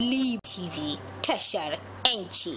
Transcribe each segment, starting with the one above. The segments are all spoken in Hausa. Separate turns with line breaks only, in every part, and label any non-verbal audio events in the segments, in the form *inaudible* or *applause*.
Leave TV and tashar 'yanci.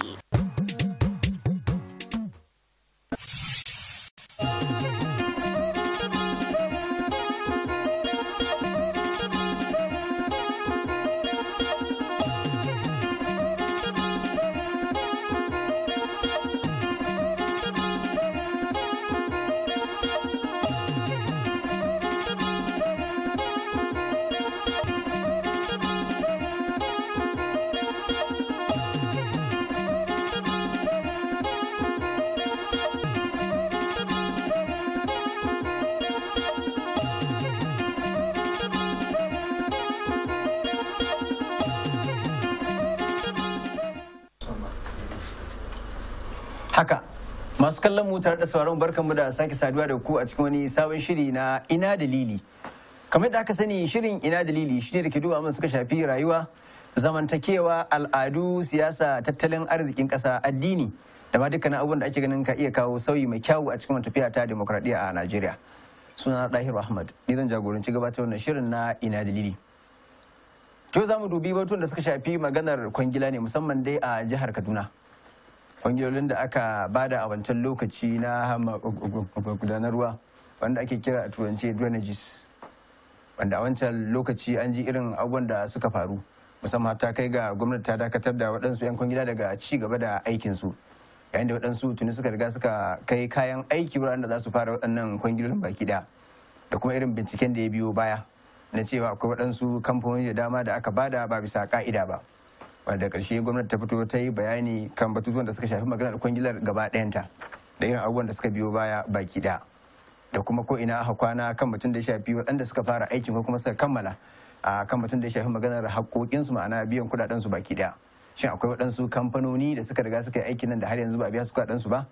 kallon mu tare da sauran barkan mu da sake saduwa da ku a cikin wani sabon shiri na ina dalili kamar da aka sani shirin ina dalili shi ne da ke duba mun suka shafi rayuwa zamantakewa al'adu siyasa tattalin arzikin kasa addini da ma dukkanin abubuwan da ake ganin ka iya kawo sauyi mai kyawu a cikin tafiya ta demokradiyya a najeriya suna dahir ahmad ni zan jagoranci gabatar wannan shirin na ina dalili yau za mu dubi batun da suka shafi maganar kwangila ne musamman dai a jihar kaduna ƙungiyoyin da aka bada a wancan lokaci na gudanarwa wanda ake kira a turance drainages wanda a wancan lokaci an ji irin abubuwan da suka faru musamman ta kai ga gwamnati ta dakatar da waɗansu 'yan kwangila daga ci gaba da aikinsu yayin da waɗansu tuni suka riga suka kai kayan aiki wuraren da za su fara waɗannan kwangilolin baki ɗaya da kuma irin binciken da ya biyo baya na cewa akwai waɗansu kamfanoni da dama da aka bada ba bisa ka'ida ba da karshe gwamnati ta fito ta yi bayani kan batutuwan da suka shafi magana da kwangilar gaba ɗayanta da irin abubuwan da suka biyo baya baki ɗaya da kuma ko ina aka kwana kan batun da ya shafi waɗanda suka fara aikin ko kuma suka kammala a kan batun da ya shafi maganar haƙoƙinsu ma'ana biyan kuɗaɗensu baki ɗaya shin akwai waɗansu kamfanoni da suka riga suka yi aikin nan da har yanzu ba a biya su su ba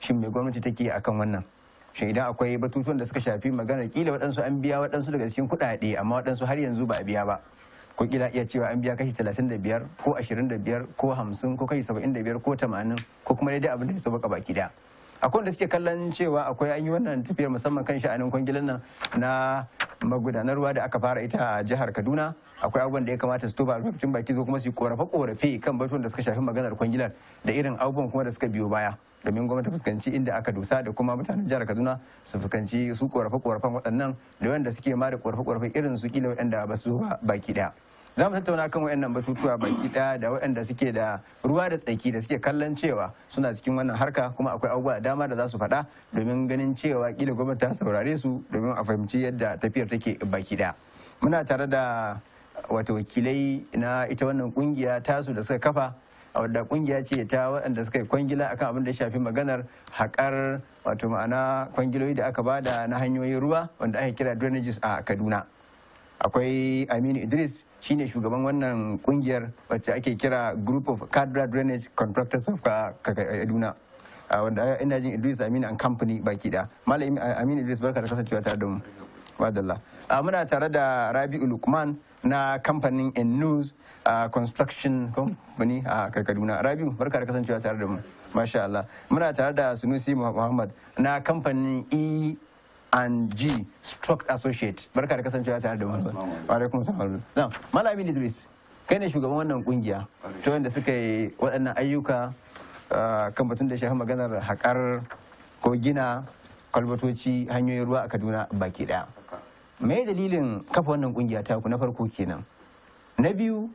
shin mai gwamnati take akan wannan shin idan akwai batutuwan da suka shafi maganar kila waɗansu an biya waɗansu daga cikin kuɗaɗe amma waɗansu har yanzu ba a biya ba ko kila iya cewa an biya kashi 35 ko 25 ko 50 ko kashi 75 ko 80 ko kuma daidai abin da ya sauka baki daya akwai da suke kallon cewa akwai an yi wannan tafiyar musamman kan sha'anin kwangilan nan na magudanar ruwa da aka fara ita a jihar kaduna akwai abubuwan da ya kamata su tuba albarkacin baki zo kuma su yi korafe korafe kan batun da suka shafi maganar kwangilar da irin abubuwan kuma da suka biyo baya domin gwamnati fuskanci inda aka dosa da kuma mutanen jihar kaduna su fuskanci su korafe korafen waɗannan da wanda suke ma da korafe korafe irin su kila waɗanda ba su baki daya za mu tattauna kan wayannan batutuwa baki daya da wayanda suke da ruwa da tsaki da suke kallon cewa suna cikin wannan harka kuma akwai abubuwa da dama da za su faɗa domin ganin cewa kila gwamnati ta saurare su domin a fahimci yadda tafiyar take baki daya muna tare da wato wakilai na ita wannan kungiya tasu da suka kafa a wadda kungiya ce ta waɗanda suka yi kwangila akan abin da ya shafi maganar haƙar wato ma'ana kwangiloyi da aka bada na hanyoyin ruwa wanda ake kira drainages a kaduna akwai aminu idris shine shugaban wannan kungiyar wacce ake kira group of cadre drainage contractors of kaduna wanda ina jin idris aminu and company baki da malam aminu idris barka da kasancewa tare da mu wadalla muna tare da rabi'u ulukman na kamfanin in news construction company a kaduna rabi'u barka da kasancewa tare da mu masha Allah muna tare da sunusi muhammad na kamfanin e and G Struct Associate. Barka da kasancewa tare da wani. Wa alaikum salam. Na, Malam Idris, kai ne shugaban wannan kungiya ta wanda suka yi waɗannan ayyuka ah, kan batun da shafi maganar haƙar ko gina kwalbatoci hanyoyin ruwa a Kaduna baki ɗaya. Me dalilin kafa wannan kungiya ta ku na farko kenan. Na biyu,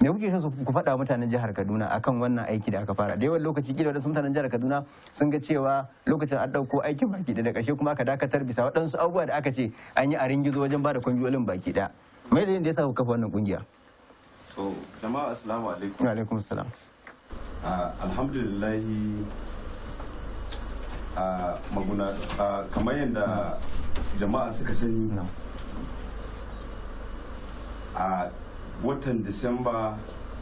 me kuke so ku faɗa mutanen jihar Kaduna akan wannan aiki da aka fara da yawan lokaci kila wadansu mutanen jihar Kaduna sun ga cewa lokacin an ɗauko aikin baki da ƙarshe kuma aka dakatar bisa waɗansu abubuwa da aka ce an yi a ringizo wajen ba da kungiyoyin baki ɗaya me dalilin da sa ku kafa wannan kungiya
to jama'a assalamu alaikum wa alaikum assalam ah, alhamdulillah ah, maguna ah, kamar yadda jama'a suka sani a watan disamba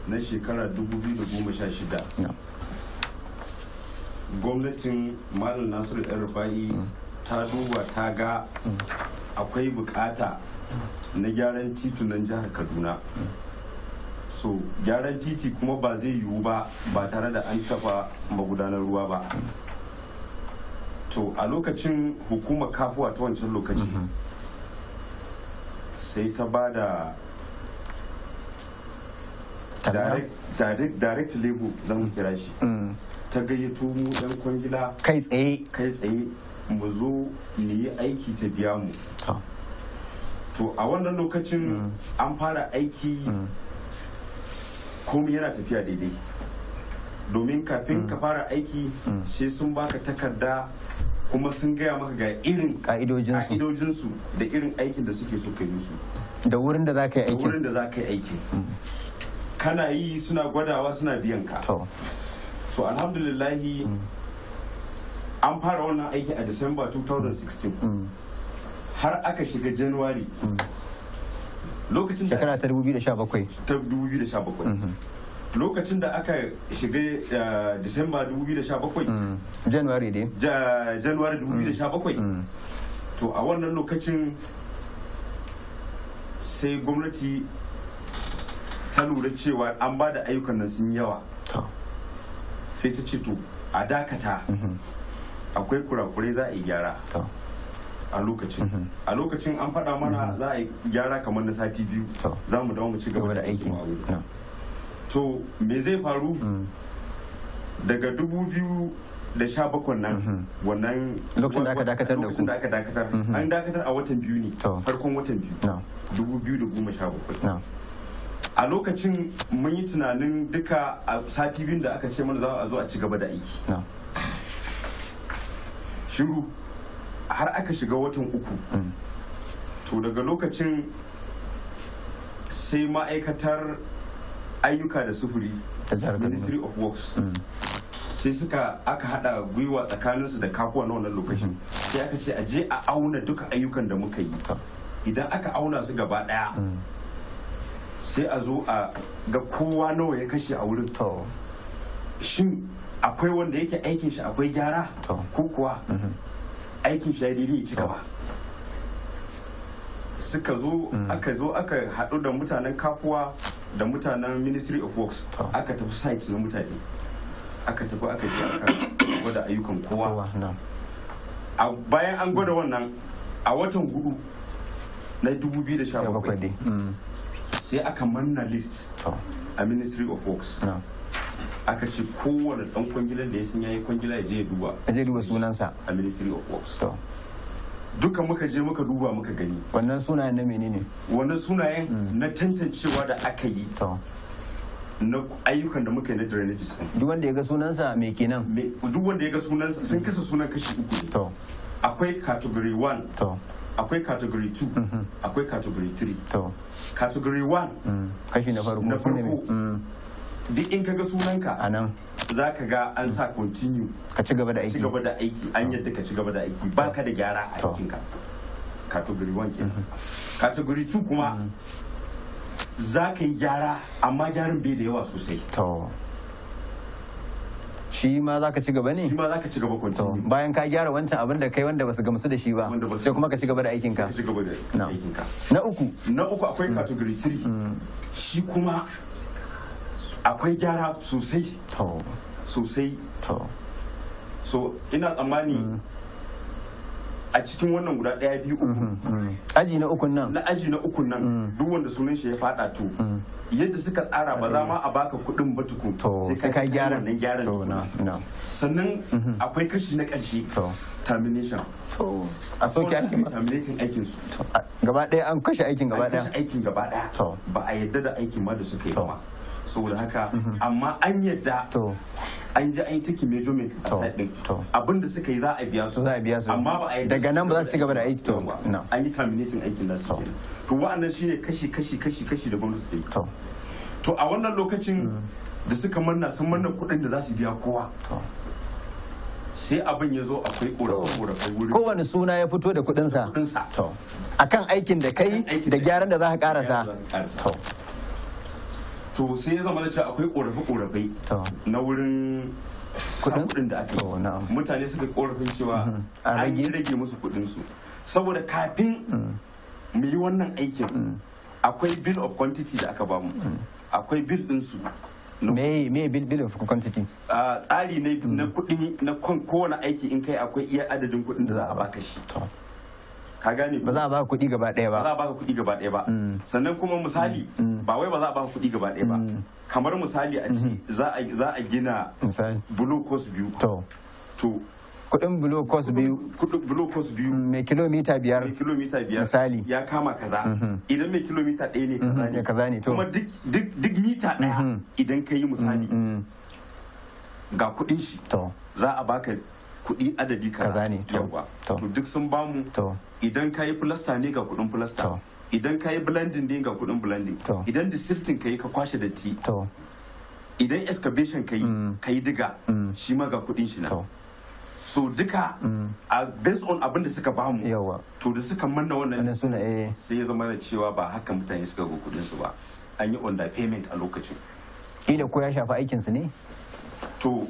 na shekara 2016 gwamnatin malam nasiru yan rufa'i mm. ta duba ta ga mm. akwai bukata na gyaran titunan jihar kaduna mm. so gyaran titi kuma ba zai yiwu ba ba tare da an taba magudanar ruwa ba to a lokacin hukumar kafuwa ta wancan lokaci mm-hmm. sai ta ba da direct label zan mu kira shi mm. ta gayyato mu dan kwangila kai tsaye kai tsaye mu zo mu yi aiki ta biya mu to a wannan lokacin mm. an fara aiki mm. komai yana tafiya daidai domin kafin ka fara aiki sai sun baka takarda kuma sun gaya maka ga irin ka'idojinsu da irin aikin da suke so ka yi su da wurin da za ka yi aikin kana yi suna gwadawa suna biyan ka to alhamdulillahi mm. an fara wannan aiki a disamba mm. 2016 mm. har aka shiga januwari lokacin da shekara ta 2017 mm-hmm. lokacin da aka shiga disamba 2017 januwari ne januwari 2017 to a wannan lokacin sai gwamnati ta lura cewa an ba da ayyukan nan sun yawa sai ta ce to a dakata mhm. akwai kurakurai za a yi gyara a lokacin mhm. a lokacin an faɗa mana mhm. za a yi gyara kamar na sati biyu za mu dawo mu ci gaba da aiki to me zai faru mm. daga dubu biyu da sha bakon nan wannan lokacin da aka dakatar da ku da aka dakatar an dakatar a watan biyu ne farkon watan biyu dubu biyu da goma sha bakwai a lokacin mun yi tunanin duka a sati biyun da aka ce mana za a zo a ci gaba da aiki shiru har aka shiga watan uku mm. to daga lokacin sai ma'aikatar ayyuka da sufuri ministry of works mm. sai suka aka hada gwiwa tsakaninsu da kafuwa na wannan lokacin mm. sai aka ce a je a auna duka ayyukan da muka yi idan aka auna su gaba daya sai a zo a ga kowa nawa ya kashe a wurin shin akwai wanda yake aikin shi akwai gyara ko kuwa mhm. aikin shi ya daidai ya ci gaba suka zo mhm. aka zo aka haɗu da mutanen kafuwa da mutanen ministry of works aka tafi site na mutane aka tafi aka je aka gwada ayyukan kowa a bayan an gwada wannan a watan hudu na 2017 sai aka manna list a ministry of works aka ce kowane dan kwangilar da ya sun yayi kwangila ya je duba ya je duba sunansa a ministry of works duka muka je muka duba muka gani wannan sunayen na menene wannan sunayen mm. na tantancewa da aka yi na ayyukan da muka yi na drainages duk wanda ya ga sunansa me kenan duk wanda ya ga sunansa sun mm. kasa sunan kashi uku ne akwai category 1 akwai category 2 mhm. akwai category 3 category 1 mm. kashi na farko na farko mm. duk in kaga sunan ka anan za ka ga an sa continue ka ci gaba da aiki ci gaba da aiki an yadda ka ci gaba da aiki ba ka da gyara a ka category 1 ke mhm. category 2 kuma mhm. za ka yi gyara amma gyaran bai da yawa sosai to shi ma za ka ci gaba ne shi
ma za ka ci gaba continue bayan ka gyara wancan abin da kai wanda basu gamsu da shi ba sai kuma ka ci gaba da aikinka.
ka na uku na uku akwai mm. category 3 mm. shi kuma akwai gyara sosai sosai so ina tsammani mm. a cikin wannan guda ɗaya biyu uku mm-hmm, mm-hmm. aji na ukun nan na aji na ukun nan mm. duk wanda sunan shi ya fada to mm. yadda suka tsara ba za ma a baka kuɗin ba tukun sai ka gyara wannan na. sannan mm-hmm. akwai kashi na ƙarshe termination a soke aikin ba terminating aikin su gaba ɗaya an kashe aikin gaba ɗaya aikin gaba ɗaya ba a yadda da aikin ma da suka yi ba saboda haka amma an yadda an ji an yi taking measurement a sadin. din abin da suka yi za a biya su za a biya su amma ba a yi daga nan ba za su ci gaba da aiki to an yi terminating aikin su to wa'annan shine kashi kashi kashi kashi da gwamnati ta yi to to a wannan lokacin mm. da suka manna sun manna kuɗin da za su biya kowa sai abin ya zo akwai ƙorafe-ƙorafe wuri kowane suna ya fito da kuɗinsa
akan aikin da kai da gyaran da za ka ƙarasa
to sai ya zama cewa akwai korafe-korafe na wurin kudin da ake mutane suka korafin cewa mhm. an rage musu kudin su saboda kafin mm. mu yi wannan aikin mm. akwai bill of quantity da aka bamu mm. akwai bill din su
me me bill bill of quantity
a tsari na kudi na kowane aiki in kai akwai iya adadin kudin da za a baka shi ka gane ba za a baka kuɗi gaba ɗaya ba ba za a baka kuɗi gaba ɗaya ba mm. sannan kuma misali mm. Mm. ba wai ba za a baka kuɗi gaba ɗaya ba kamar misali a ce mm-hmm. za a gina Blue coast biyu to kudin bulo cost biyu Blue coast biyu mai kilomita biyar mai kilomita biyar misali ya kama kaza mm-hmm. idan mai kilomita ɗaya ne kaza mm-hmm. ne kaza ne to kuma duk mita ɗaya idan ka yi misali ga kudin shi to za a baka kudi adadi kaza ne to duk sun bamu to idan ka yi filasta ne ga kudin filasta idan ka yi blending ne ga kudin blending idan disilting ka yi ka kwashe datti idan excavation ka yi mm. ka yi diga mm. shi ma ga kudin shi na so duka mm. a based on abin da suka bamu to da suka manna wannan eh. sai ya zama da cewa ba haka mutane suka ga kudin su ba an yi on payment a lokacin ina ko ya shafi su ne to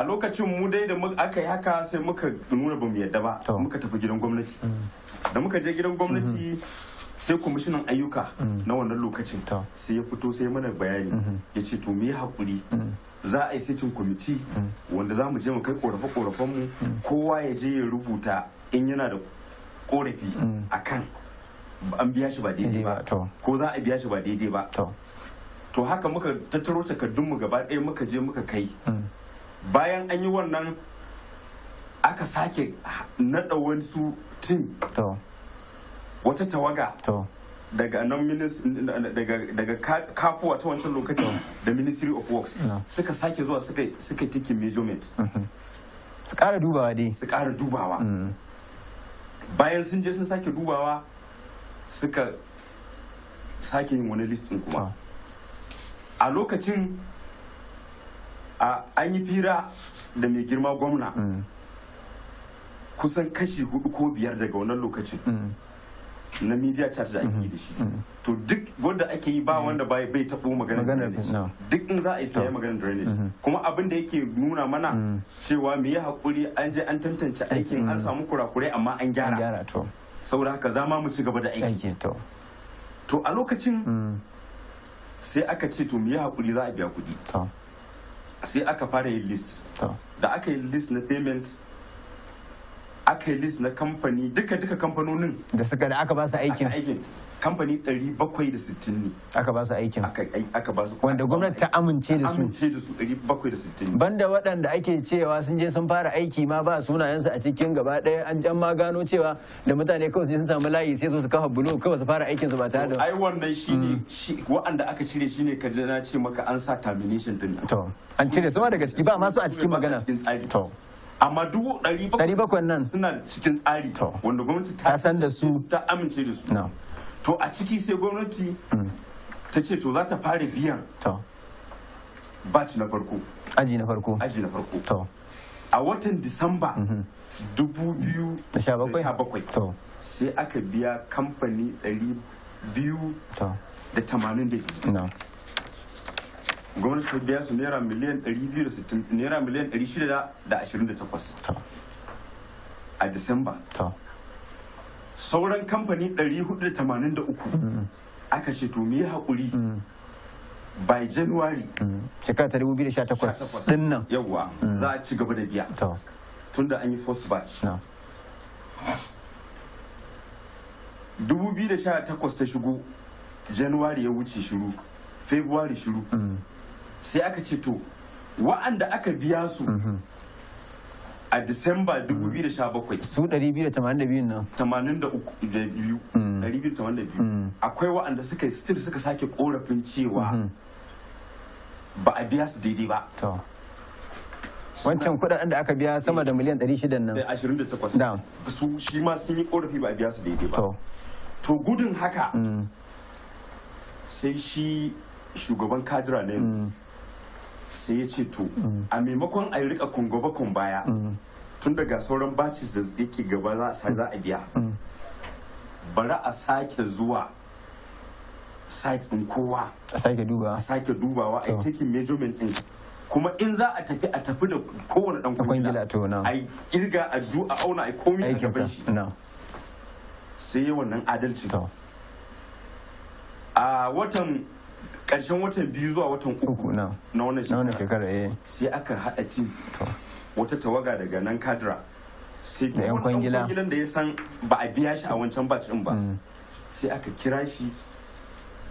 a lokacin mu dai da aka yi haka sai muka nuna ba mu yadda ba muka tafi gidan gwamnati mm. da muka je gidan gwamnati mm-hmm. sai kwamishinan ayyuka mm. na wannan lokacin sai ya fito sai mana bayani mm-hmm. ya ce to me yi hakuri mm. za a yi sitin kwamiti wanda za mu je mu kai korafe mu kowa ya je ya rubuta in yana da korafi a kan an biya shi ba daidai ba ko za a biya shi ba daidai ba to haka muka tattaro takardunmu gaba ɗaya muka je muka kai bayan an yi wannan aka sake naɗa wasu tim wata tawaga daga nan daga kafuwa ta wancan lokacin mm. da ministry of works suka sake zuwa suka tikin measurement mm-hmm. su ƙara dubawa dai su ƙara dubawa mm. bayan sun je sun sake dubawa suka sake yin wani listin kuma a lokacin a an yi fira da mai girma gwamna mm. kusan kashi hudu ko biyar daga wannan lokacin mm. na media charge da ake mm-hmm. da shi mm. to duk wanda ake yi ba wanda bai bai tabo da drainage duk in za a yi sai da drainage mm-hmm. kuma abin da yake nuna mana cewa mu yi hakuri an je an tantance aikin an samu kurakurai amma an gyara saboda haka za ma mu ci gaba da aiki to a lokacin sai aka ce to mu yi hakuri za a biya kuɗi sai aka fara yin list da aka yi list na payment aka yi list na kamfani duka duka kamfanonin da suka da aka ba su aikin kamfani 760 ne aka ba su aikin wanda gwamnati ta amince da su
banda waɗanda ake cewa sun je sun fara aiki ma ba sunayensu a cikin gaba ɗaya an jan ma gano cewa da mutane kawai sai sun samu layi sai su kafa bulo kawai su fara aikin su ba tare da ai
wannan shine mm. waɗanda aka cire shine ka na ce maka an sa termination din to an cire su ma daga ciki ba ma su a cikin magana to amma dubu ɗari bakwai nan suna cikin tsari wanda gwamnati ta san da su ta amince da su to a ciki sai gwamnati mm. ta ce to za ta fara biyan baci na farko aji na farko aji na farko a watan disamba mm-hmm. dubu biyu da sha bakwai sai aka biya kamfani ɗari biyu
da
tamanin da biyu gwamnati ta biya su naira miliyan 260 naira miliyan 628 a disamba sauran kamfani 483 aka ce to me haƙuri mm. by january mm. shekara ta 2018 din nan yawwa mm. za a ci gaba da biya tunda an yi first batch 2018 ta shigo january ya wuce shiru february shiru sai aka ce to wa'anda aka biya su mhm. a disamba mhm. 2017 su 282 nan 82 mhm. akwai wa'anda suka yi still suka sake korafin cewa ba a biya su daidai ba wancan kudaden da aka biya sama da miliyan 600 nan 28 su shi ma sun yi korafi ba a biya su daidai ba to gudun haka mm. sai shi shugaban kadira ne mm. sai ya ce to a maimakon a rika kungo kun baya tun daga sauran batches da yake gaba za a biya bari a sake zuwa site din kowa a sake dubawa a sake dubawa a cikin measurement din kuma in za a tafi a tafi da kowane dan na a kirga a ju a auna a komi a gaban shi sai wannan adalci a watan karshen watan biyu zuwa watan uku na wannan shekara eh. sai aka haɗa tim wata tawaga daga nan kadra sai da yan kwangilan da ya san ba a biya shi a wancan ba cin mm. ba sai aka kira shi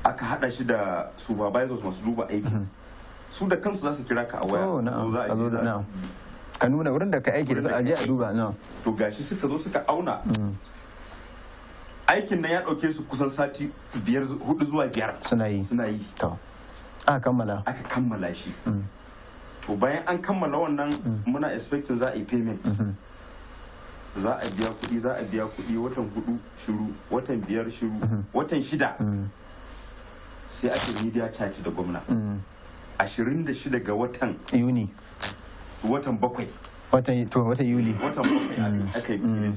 aka haɗa shi da supervisors masu duba aiki mm-hmm. su da kansu za su kira ka a waya zo za a ka nuna wurin da ka aiki da za a je a duba na to gashi suka zo suka auna mm. aikin nan ya ɗauke su kusan sati biyar hudu zuwa biyar suna yi suna yi a kammala aka kammala shi mm. to bayan an kammala wannan mm. muna expecting za a yi
payment mm-hmm.
za a biya kuɗi za a biya kuɗi watan hudu shiru watan biyar shiru mm-hmm. watan shida mm. sai ake media charge da gwamna ashirin da shida ga watan yuni watan bakwai watan yuli watan bakwai aka yi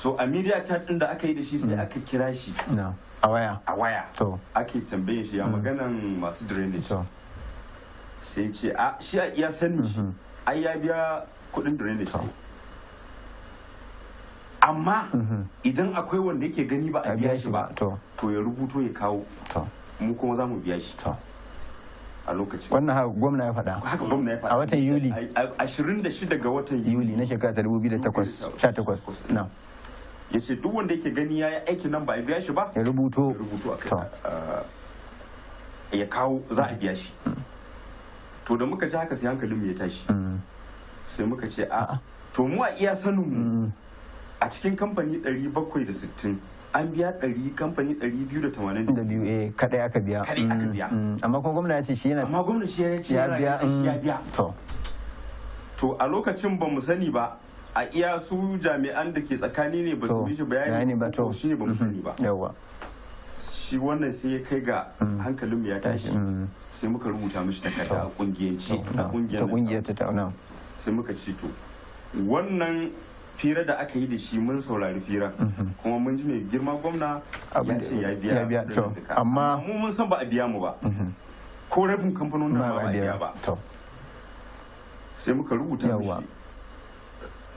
so a media chat din da aka yi da shi sai mm. aka kira shi a waya a waya to ake tambayin shi ya mm. maganan masu drainage sai ce a shi a iya sani shi mm-hmm. ai ya biya kudin drainage amma mm-hmm. idan akwai wanda yake gani ba a biya shi ba to ya rubuto ya kawo mu kuma za mu biya shi a lokacin wannan haka gwamna ya faɗa haka gwamna ya faɗa a watan yuli 26 ga watan yuli na shekara ta 2018 na ya ce duk wanda yake gani ya yi aikin nan ba ya biya shi ba ya rubuto a kai eh, ya kawo za a biya shi mm. to da muka ji haka sai mu ya tashi mm. sai muka ce a ah. to mu a iya mu. Mm. a cikin kamfani 760 an biya ɗari kamfani ɗari biyu da tamanin da biyu eh kaɗai aka biya kaɗai aka biya
amma kuma gwamna ya ce shi yana amma gwamna shi ya ce ya biya ya biya
to to a lokacin ba mu sani ba a iya su jami'an da ke tsakani ne ba su mishi bayani ba to shi ne ba mu mm-hmm. ba yawa shi wannan sai ya kai ga mm. hankalinmu ya tashi mm. sai muka rubuta mishi takarda a kungiyanci a kungiyar ta tauna sai muka ci to wannan fira da aka yi da shi mun saurari fira mm-hmm. kuma mun ji mai girma gwamna ya ce ya biya amma mu mun san ba a biya mu ba mm-hmm. ko rabin kamfanonin ba a biya ba sai muka rubuta mishi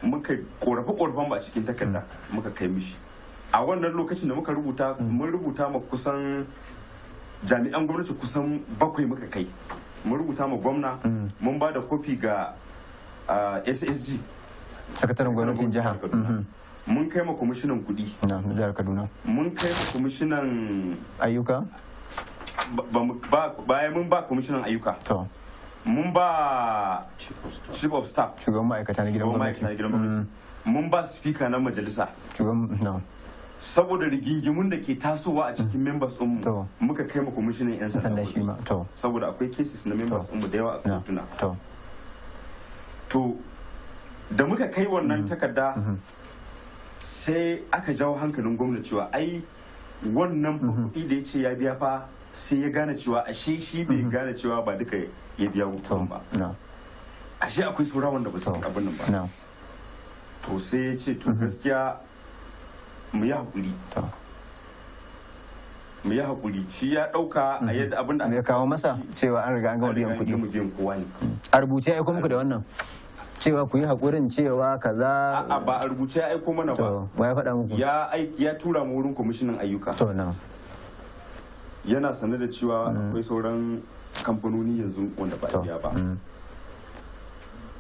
muka korafe korafen ba a cikin takarda hmm. muka kai mishi a wannan lokacin da muka rubuta hmm. mun rubuta ma kusan jami'an gwamnati kusan bakwai muka kai mun rubuta ma gwamna hmm. mun ba da kofi ga ssg sakataren gwamnatin jiha mun kai ma kwamishinan kudi na jihar kaduna mun kai ma kwamishinan ayyuka bayan mun ba kwamishinan ayyuka mun ba chief of staff shugaban ma'aikata na gidan gwamnati mm. mun ba speaker na majalisa saboda rigingimun da ke tasowa a cikin mm. members ɗinmu muka kai muku commissioner 'yan sanda shi ma saboda akwai cases na members ɗinmu da yawa a kotuna to da muka kai wannan mm. takarda mm-hmm. sai aka jawo hankalin gwamnati cewa ai wannan mm-hmm. kuɗi da ya ce ya biya fa sai ya gane cewa ashe shi bai mm-hmm. gane cewa ba duka ya biya wutan ba ashe akwai saura wanda ba su abin nan ba to sai ya ce to mm-hmm. gaskiya mu yi haƙuri mu yi haƙuri shi ya ɗauka a mm-hmm. yadda abin da aka kawo
masa cewa an riga an gama biyan kuɗi mm. a rubuce ya aiko muku da wannan cewa ku yi haƙurin cewa kaza a ba a rubuce ya aiko mana ba ba ya faɗa muku
ya aiki ya tura mu wurin kwamishinan ayyuka to na yana sanar da cewa mm. akwai sauran kamfanoni yanzu wanda ba biya ba mm.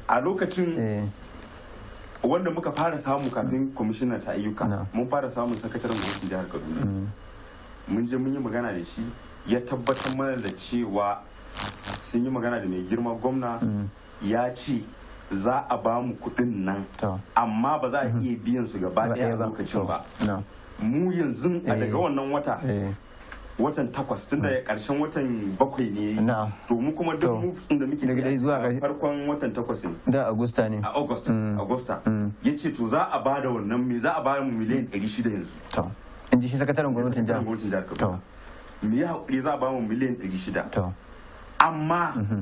a lokacin eh. wanda muka fara samu kafin kwamishinan ta ayyuka mun fara samun sakataren gwamnatin jihar kaduna mm. mun je mun yi magana da shi ya tabbatar mana da cewa sun yi magana da mai girma gwamna mm. ya ce za a ba mu kuɗin nan amma ba za a mm-hmm. iya biyan su gaba ɗaya lokacin ba mu yanzu a daga eh. wannan wata eh. watan takwas tunda ya hmm. karshen watan bakwai ne na to mu kuma duk mu da muke daga zuwa farkon watan takwas ne da agusta ne a august hmm. agusta hmm. yace to za a bada wannan me za a bada mu miliyan 600 yanzu to in ji shi sakataren gwamnatin jihar to me ya hakuri za a ba mu miliyan 600 to amma mhm.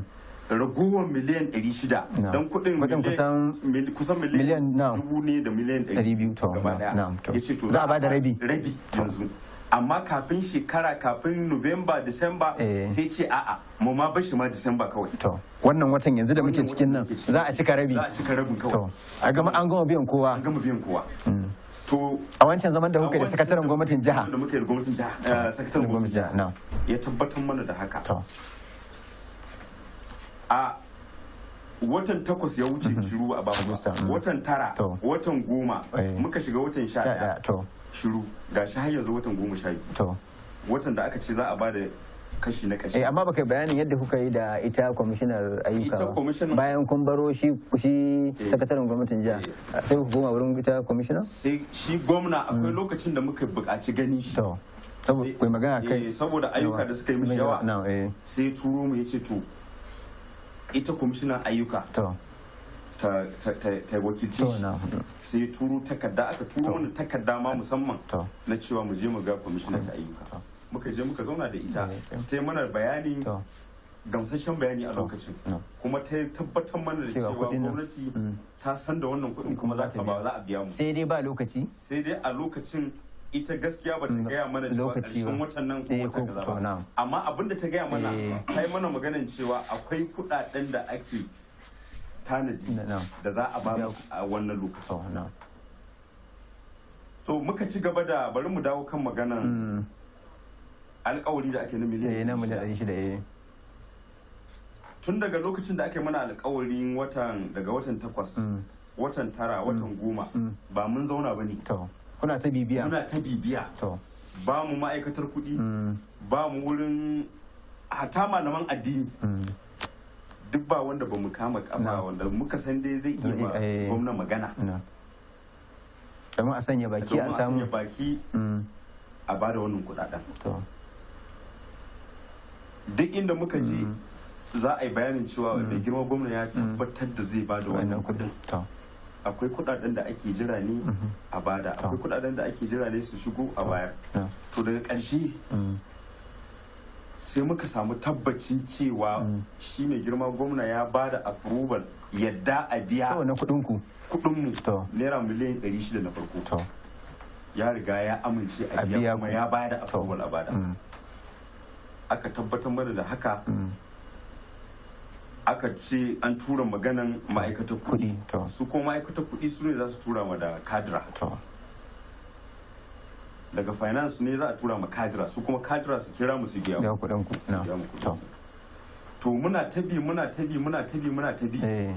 ragowar miliyan 600 don kudin kusan miliyan dubu ne da miliyan 200 gaba ya ce to za a ba da rabi rabi yanzu amma kafin shekara kafin november december eh. sai ce a'a mu ma bashi ma december kawai to
wannan watan yanzu da muke cikin nan za
a cika rabi za a cika rabin kawai to a gama an gama biyan kowa an gama biyan kowa mm. to a wancan zaman da kuka da sakataren gwamnatin jiha da muke da gwamnatin jiha eh, sakataren gwamnatin jiha ya tabbatar mana da haka to a watan takwas ya wuce mm-hmm. shiru a babu mm. watan tara watan goma eh. muka shiga watan sha daya shiru ga shi har yanzu watan goma sha biyu watan da aka ce za a ba da kashi na kashi. Eh, amma baka
bayanin yadda kuka yi da ita kwamishinar ayyuka bayan kun baro shi shi
eh. sakataren gwamnatin jiha eh. sai ku goma wurin ita kwamishinar? sai shi gwamna mm. akwai lokacin da muka buƙaci gani shi saboda kai magana kai saboda ayyuka da suka yi mishi yawa sai turo mu yace to ita kwamishinar ayyuka ta ta ta wakilci sai turo takarda aka turo wani takarda ma musamman na cewa mu je mu ga kwamishina ta ayyuka muka je muka zauna da ita ta yi mana bayani gamsashen bayani a lokacin kuma ta tabbatar mana da cewa gwamnati mm. ta san da wannan kuɗin kuma za ta ba za a biya mu sai dai ba lokaci sai dai a lokacin ita gaskiya ba ta mm. gaya mana cewa ƙarshen watan nan ko eh, wata kaza amma abin da ta gaya mana eh. ta yi mana maganin cewa akwai kuɗaɗen da ake tanadi da za a ba a wannan lokacin oh, so muka ci gaba da bari mu dawo kan magana hmm. alkawari da ake na miliyan eh, shida eh. tun daga lokacin da ake mana alkawarin watan daga watan takwas hmm. watan tara hmm. watan goma ba mun zauna ba ne kuna ta bibiya Kuna ta bibiya ba mu ma'aikatar kuɗi ba mu wurin hata malaman addini duk ba wanda ba mu kama kama wanda muka san dai zai ba eh, eh, eh. gwamna magana domin a sanya baki a samu baki mm. a bada wannan kudaden duk inda muka je mm. za a yi bayanin cewa mm. mai girma gwamna ya tabbatar da zai bada wannan kudin akwai kudaden da ake jira ne mm-hmm. a bada akwai kudaden da ake jira ne su shigo a bayar to daga ƙarshe sai muka samu tabbacin cewa mm. shi mai girma gwamna ya ba da approval yadda a biya saboda kudinku kudinmu naira miliyan 600 na farko ya riga ya amince a biya kuma ya ba da approval a bada mm. aka tabbatar mana da haka mm. aka ce an tura maganan ma'aikatar kudi su kuma ma'aikatar kudi su ne za su tura ma da kadira daga finance ne za a tura ma kadira su kuma kadira su kira mu su biya mu kuɗin ku na to muna tabi muna tabi muna tabi muna tabi eh.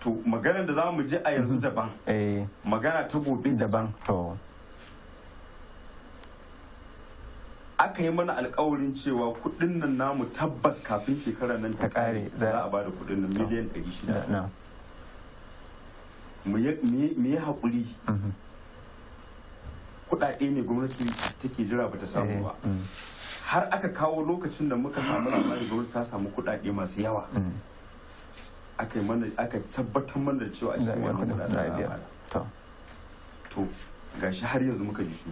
to maganar da za mu je a yanzu mhm. daban eh. magana ta gobe daban to aka yi mana alkawarin cewa kudin nan namu tabbas kafin shekarar nan ta kare za a bada kudin nan miliyan 600 mu yi haƙuri mhm. kuɗaɗe ne gwamnati take jira ba ta samu eh, ba mm. har aka kawo lokacin da muka samu labarin gwamnati ta samu kuɗaɗe masu yawa mm. aka mana aka tabbatar mana da cewa a cikin wannan kuɗaɗen to gashi har yanzu muka ji shi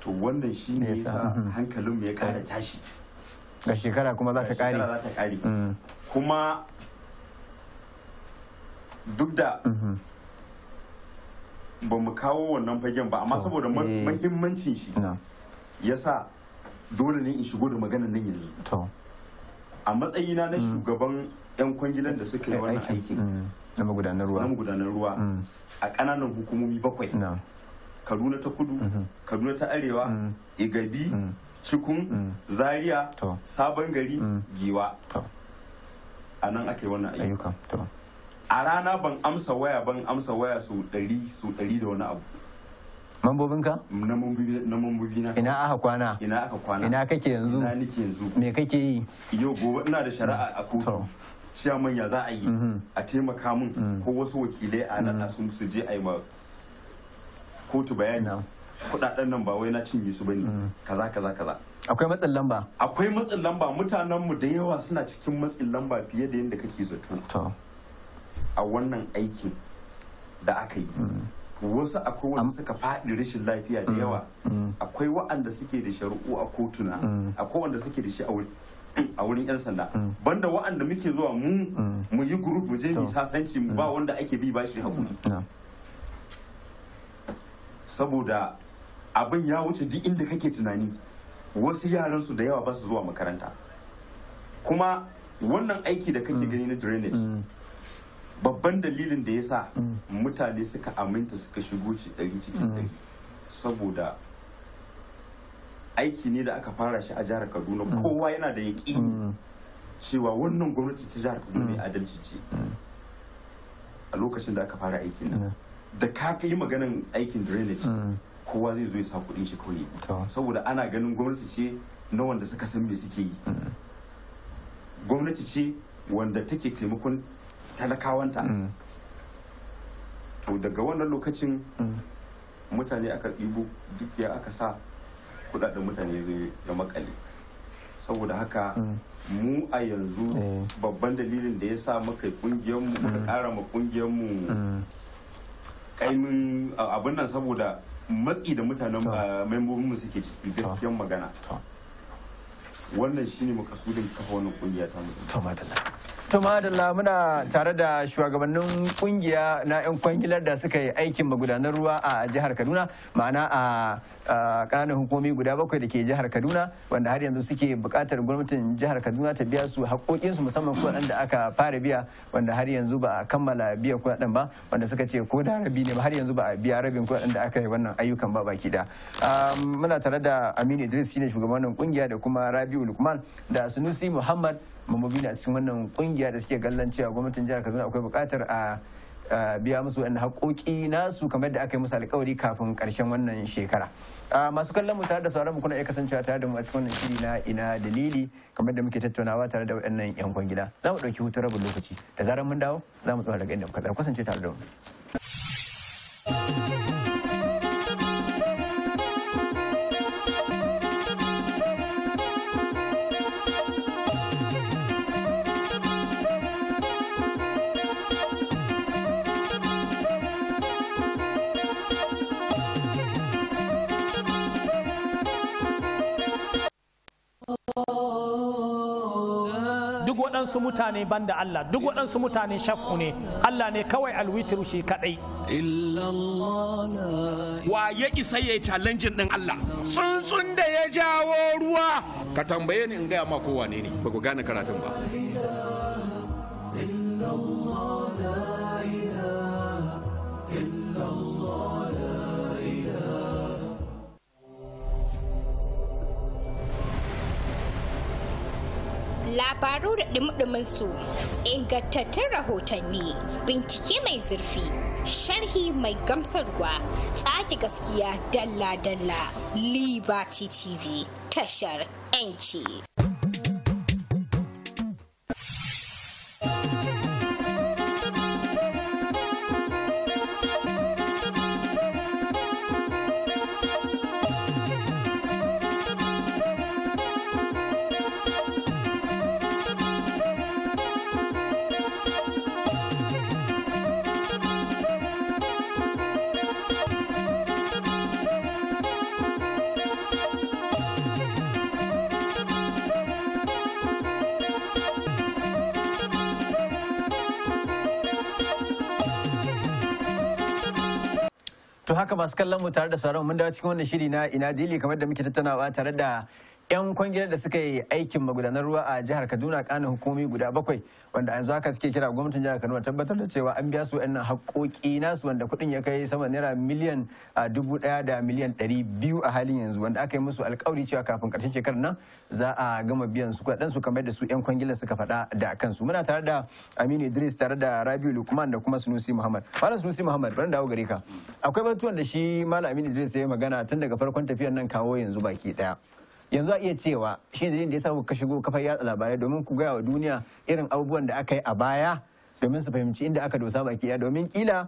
to wannan shi ne yasa mm-hmm. mu ya ƙara eh. tashi ga shekara kuma za ta kare. Mm. kuma duk mm-hmm. da ba mu kawo wannan fagen ba amma saboda eh. mahimmancin shi ya sa dole ne in shigo da magana nan yanzu a matsayina na mm. shugaban 'yan kwangilan da suka yi wannan aikin mm, na magudanar ruwa mm. a ƙananan hukumomi bakwai kaduna ta kudu mm-hmm. kaduna ta arewa igabi cikun Zariya. sabon gari giwa a nan aka yi wannan ayyuka a rana ban amsa waya ban amsa waya sau ɗari sau ɗari da wani abu Mambobin ka? na mambobi na ina aka kwana ina aka kwana ina kake yanzu ina nake yanzu me kake yi yau gobe ina da shari'a a kotu cewa manya za a yi mm-hmm. a taimaka min mm. ko wasu wakilai a nan sun mm-hmm. su je a yi ma kotu bayani kudaden nan ba wai na cinye su bane mm. kaza kaza kaza akwai matsin lamba akwai matsin lamba mutanen mu da yawa suna cikin matsin lamba fiye da yadda kake zato a wannan aiki da aka yi wasu akwai wanda suka faɗi rashin lafiya da mm, yawa mm. akwai wa'anda suke da shari'u a kotuna mm. akwai wanda suke da shi a *clears throat* wurin 'yan sanda banda wa'anda muke zuwa mu mu yi group mu je mu sasanci ba wanda ake bi ba shi hakuri. saboda abin ya wuce duk inda kake tunani wasu yaran su da yawa ba su zuwa makaranta kuma wannan aiki da kake gani na drainage babban dalilin da ya sa mm. mutane suka aminta suka shigo shi ɗari cikin mm. ɗari saboda aiki ne da aka fara shi a jihar kaduna mm. kowa yana da yaƙini cewa wannan gwamnati ta jihar kaduna mai adalci ce a lokacin da aka fara aikin na. da ka yi maganan aikin drainage kowa zai zo ya sa kuɗin shi kawai saboda ana ganin gwamnati ce na wanda suka san me suke yi gwamnati ce wanda take taimakon talakawanta mm. to daga wannan lokacin mm. mutane aka ɗibo duk ya aka sa kudaden mutane ya makale saboda haka mm. mu a yanzu eh. babban dalilin da ya sa muka kungiyarmu muka kara ma kungiyarmu kaimin abin nan saboda matsi da mutanen membobinmu suke ciki gaskiyar magana wannan shine makasudin kafa wannan kungiya ta mutum
To madalla muna tare da shugabannin kungiya na 'yan kwangilar da suka yi aikin magudanar ruwa a jihar Kaduna ma'ana a kananan hukumomi guda bakwai da ke jihar Kaduna wanda har yanzu suke buƙatar gwamnatin jihar Kaduna ta biya su haƙoƙinsu musamman kuɗaɗen da aka fara biya wanda har yanzu ba a kammala biya kuɗaɗen ba wanda suka ce ko da rabi ne ba har yanzu ba a biya rabin kuɗaɗen da aka yi wannan ayyukan ba baki da. Muna tare da Aminu Idris shine shugaban kungiya da kuma Rabi'u Lukman da Sunusi Muhammad mambobi ne a cikin wannan kungiya da suke kallon cewa gwamnatin jihar kaduna akwai bukatar a biya musu wani haƙoƙi nasu kamar da aka yi musu alƙawari kafin ƙarshen wannan shekara masu kallon mu tare da sauran mu kuna iya kasancewa tare da mu a cikin wannan shiri na ina dalili kamar da muke tattaunawa tare da waɗannan yan kwangila za mu ɗauki hutun rabin lokaci da zarar mun dawo za mu tsaya daga inda muka kasance tare da mu.
mutane ban da Allah duk waɗansu mutane shaf'u ne Allah ne kawai alwitiru shi kaɗai. wa ya isa ya yi challenging
din Allah tsuntsun da ya jawo ruwa ka tambaye ni in gaya ma kowa ne ne
ba ku gane karatun ba
labaru da dumdumin su ingantattun rahotanni bincike mai zurfi sharhi mai gamsarwa tsaki gaskiya dalla-dalla liberty tv tashar 'yanci.
To haka masu kallon mu tare da sauran mun dawo cikin wannan shiri na ina dili kamar da muke tattaunawa tare da 'yan kwangilar da suka yi aikin magudanar ruwa a jihar kaduna kanin hukumi guda bakwai wanda yanzu haka suke kira gwamnatin jihar kaduna tabbatar da cewa an biya su wannan haƙoƙi nasu wanda kuɗin ya kai sama naira miliyan dubu ɗaya da miliyan ɗari biyu a halin yanzu wanda aka yi musu alkawari cewa kafin ƙarshen shekarar nan za a gama biyan su kuɗaɗen su kamar da su 'yan kwangilar suka faɗa da kansu muna tare da aminu idris tare da rabiu lukman da kuma sunusi muhammad malam sunusi muhammad bari dawo gare ka akwai batuwan da shi malam aminu idris ya yi magana tun daga farkon tafiyar nan kawo yanzu baki ɗaya yanzu a iya cewa shi ne da ya samu ka shigo kafar yada labarai domin ku gaya wa duniya irin abubuwan da aka yi a baya domin su fahimci inda aka dosa baki ya domin kila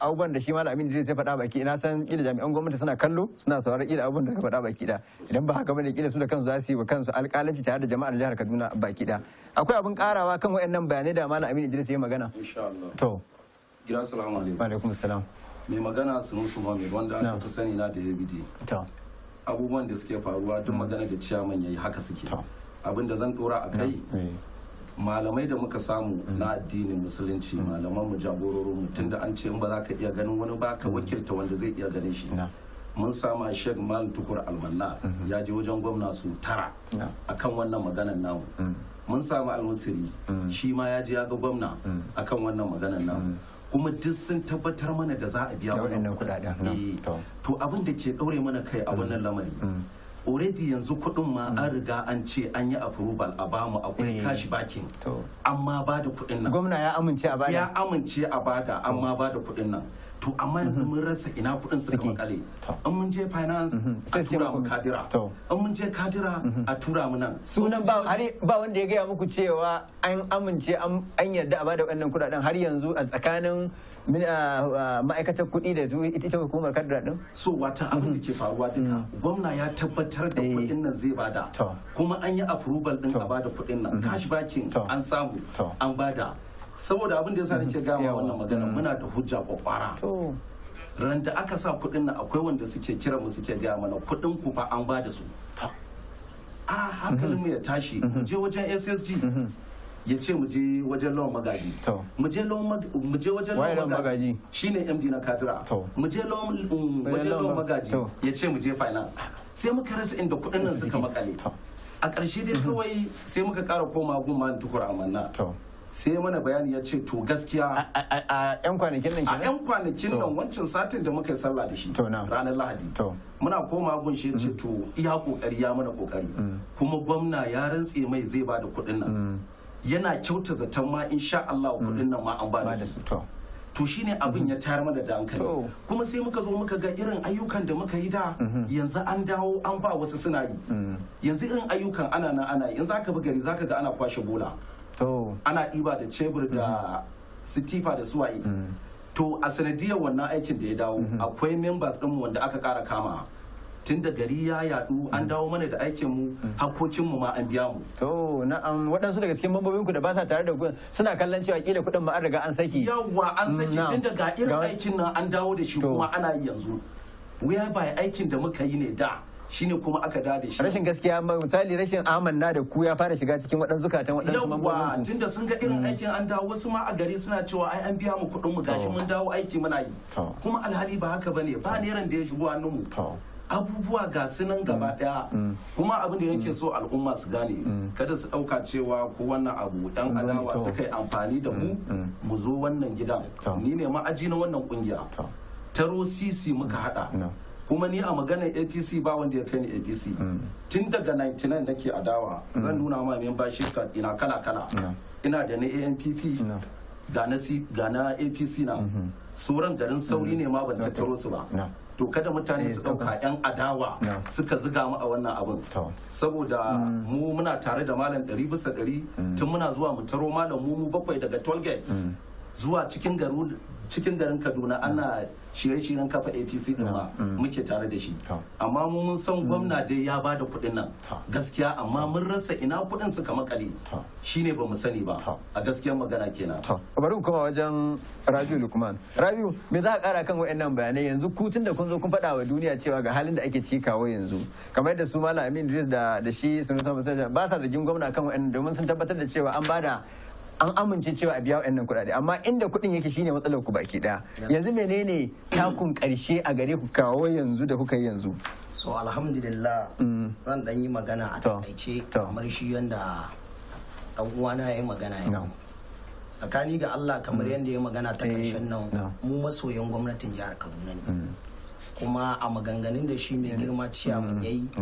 abubuwan da shi malam Aminu Idris ya faɗa baki na san kila jami'an gwamnati suna kallo suna saurari kila abubuwan da ka faɗa baki da idan ba haka bane kila su da kansu za su yi wa kansu alƙalanci tare da jama'ar jihar Kaduna baki da akwai abin karawa kan wayannan bayanai da malam Aminu Idris ya magana
insha to gida assalamu alaikum wa alaikum mai magana sunusu mai wanda aka sani na da ya to abubuwan da suke faruwa duk mm. magana da ciyaman yi haka suke Abinda zan dora a kai mm. eh. malamai da muka samu mm. na addinin musulunci malaman mu jagororin mu tunda an ce in ba za ka iya ganin wani ba ka wakilta wanda zai iya ganin shi mun a sheikh mal tukur almanna mm-hmm. ya je wajen gwamna su tara akan wannan maganan namu mun samu almusiri shi ma ya je ya ga gwamna akan wannan maganan namu kuma duk sun tabbatar mana da za a biya wannan kudaden eh, to abin da ke daure mana kai a wannan mm, lamari mm. already yanzu kuɗin ma an mm. riga an ce an yi approval a bamu akwai kashi eh, bakin amma ba da kuɗin nan gwamna ya amince a bada ya amince a bada amma ba da kuɗin nan to amma yanzu mhm. mun rasa ina kuɗin suka kale in mun je finance mhm. a tura mu kadira in mun je kadira mhm. a tura mu nan sunan ba ba
wanda ya gaya muku cewa an amince an yarda a bada wannan kudaden har yanzu a tsakanin ma'aikatar kuɗi da su ita hukumar kadira din so wata abin da ke faruwa
duka gwamna ya tabbatar da eh. kuɗin nan zai bada kuma an yi approval din a bada kuɗin nan cash backing an samu an bada saboda abin da yasa mhm. nake gaya ma wannan magana mm. muna da hujja kwakwara ran da aka sa kuɗin nan akwai wanda suke kira mu suke gaya mana kuɗin ku fa an ba da su a hankalin mu ya tashi mhm. je wajen ssg mhm. ya ce mu je wajen lawan magaji mu je wajen lawan magaji shine md na kadira mu je wajen lawan mm, magaji ya ce mu je finance sai muka rasa inda kuɗin nan suka makale a ƙarshe dai kawai sai muka ƙara koma gun tukura amanna sai mana bayani ya ce to gaskiya a yan kwanakin nan a yan kwanakin nan wancan satin da muka yi sallah da shi ranar lahadi muna koma gun shi ce mm. to iya kokari ya mana kokari mm. kuma gwamna ya rantse mai zai ba da kuɗin nan mm. yana kyauta zaton ma insha Allah kuɗin nan ma an ba da su to shine abin ya tayar mana da hankali kuma sai muka zo muka ga irin ayyukan da muka yi da mm-hmm. yanzu an dawo an ba wasu suna
yi
yanzu irin ayyukan ana na ana yanzu aka bi gari zaka ga ana kwashe bola ana ɗiba da cebur da mm-hmm. sitifa da suwaye mm-hmm. to a sanadiyar wannan aikin da ya dawo mm-hmm. akwai members ɗinmu wanda aka ƙara kama tun da gari ya yadu an dawo mana da aikin mu hakokin mu ma an biya mu to na'am waɗansu daga cikin mambobin ku da ba sa tare da ku suna kallon cewa kila kuɗin ma an riga an saki yawa an saki mm, tun da ga irin aikin nan an dawo da shi kuma ana yi yanzu wuya ba aikin da muka yi ne da shine kuma aka da shi rashin gaskiya amma misali rashin amanna da ku ya fara shiga cikin
waɗansu zukatan waɗansu mambobin
tunda sun ga irin mm. aikin an dawo wasu ma a gari suna cewa ai an biya mu kuɗin mu gashi mun dawo aiki muna yi kuma alhali ba haka bane ba neran da ya shigo hannun mu abubuwa ga sunan gaba daya mm. mm. kuma abin da yake so al'umma su gane kada su ɗauka cewa ko wannan abu ɗan adawa suka yi amfani da mu mu zo wannan gidan ni ne ma'aji na wannan kungiya taro sisi muka hada kuma ni a maganar apc ba wanda ya kai ni apc hmm. tun daga 99 nake adawa hmm. zan nuna ma bashi ka ina kala kala ina da na anpp ga na apc na tsoron mm-hmm. garin sauri mm-hmm. ne ma ban tattaro su ba to kada mutane eh, su ɗauka yan adawa suka ziga mu a wannan abin saboda mm. mu muna tare da malam ɗari bisa ɗari mm. tun muna zuwa mu taro malam mu mu bakwai daga tollgate mm. zuwa cikin garin cikin garin kaduna ana shirye-shiryen kafa apc din ma mm, mm. muke tare da shi amma mu mun san mm. gwamna dai ya ba da kuɗin nan gaskiya amma mun rasa ina kuɗin suka kali shine ba mu sani ba a gaskiya magana kenan bari mu koma wajen rabiu
lukman rabiu me za ka kara kan wayannan bayanai yanzu ku tun da kun zo kun faɗa wa duniya cewa ga halin da ake ciki kawo yanzu kamar yadda su malam amin idris da da shi sun san ba sa zargin gwamna kan wayannan domin sun tabbatar da cewa an bada an amince cewa a biya wa'annan kuɗaɗe amma inda kuɗin yake shine matsalar ku
baki ɗaya yanzu menene takun ƙarshe a gare ku kawo yanzu da kuka yi yanzu so alhamdulillah mm. zan dan yi magana a takaice kamar shi yanda dan uwana ya yi magana yanzu tsakani ga Allah kamar mm. yadda ya magana ta eh, ƙarshen nan mu masoyan gwamnatin jihar Kaduna ne mm. kuma a maganganun da shi mai girma ya yayi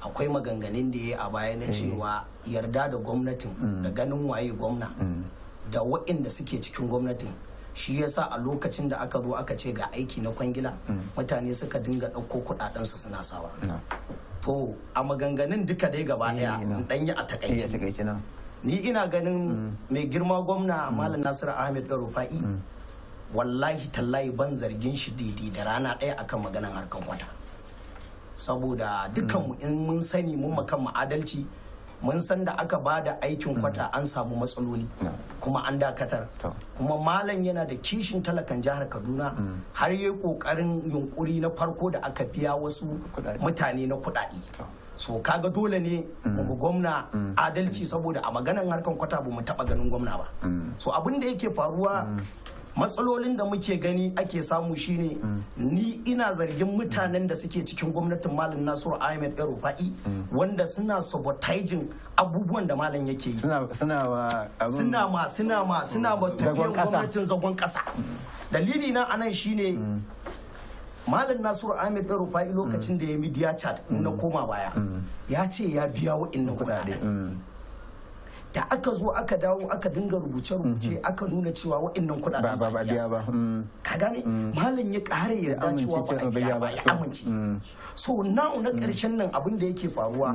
akwai maganganun da ya yi a baya na eh. cewa yarda da gwamnatin mm. da ganin waye gwamna mm. da waɗanda suke cikin gwamnatin shi yasa a lokacin da aka zo aka ce ga aiki na kwangila mm. mutane suka dinga ɗauko kuɗaɗensu suna sawa to a maganganun duka dai gaba eh, ɗaya ɗan yi a takaici eh, ni ina ganin mai girma gwamna malam nasiru ahmed rufa'i wallahi tallahi ban zargin shi daidai da rana ɗaya akan maganan harkar kwata saboda dukan mu in mun sani mun makan adalci mun san da aka ba da aikin kwata an samu matsaloli kuma an dakatar kuma malam yana da kishin talakan jihar kaduna mm. har yi kokarin yunkuri na farko da aka biya wasu mutane na kudade so kaga dole ne mu mm. gwamna mm. adalci saboda a maganan harkan kwata ba mu taba ganin gwamna ba so abin da yake faruwa matsalolin da muke gani ake samu shine ni ina zargin mutanen da suke cikin gwamnatin malam nasiru ahmed erufa'i wanda suna sabotaging abubuwan da malam yake yi suna ma suna ma suna ma tafiyan gwamnatin zagon kasa dalili na anan shine malam nasiru ahmed erufa'i lokacin da ya midiya chat na koma baya ya ce ya biya wa'innan kuɗaɗe mm. da aka zo aka dawo aka dinga rubuce-rubuce mhm. aka nuna cewa waɗannan kudaden ba biya ba mm. ka gane mm. malam ya ƙara yarda cewa ba a biya ba ya amince mm. so now na ƙarshen nan abin da yake faruwa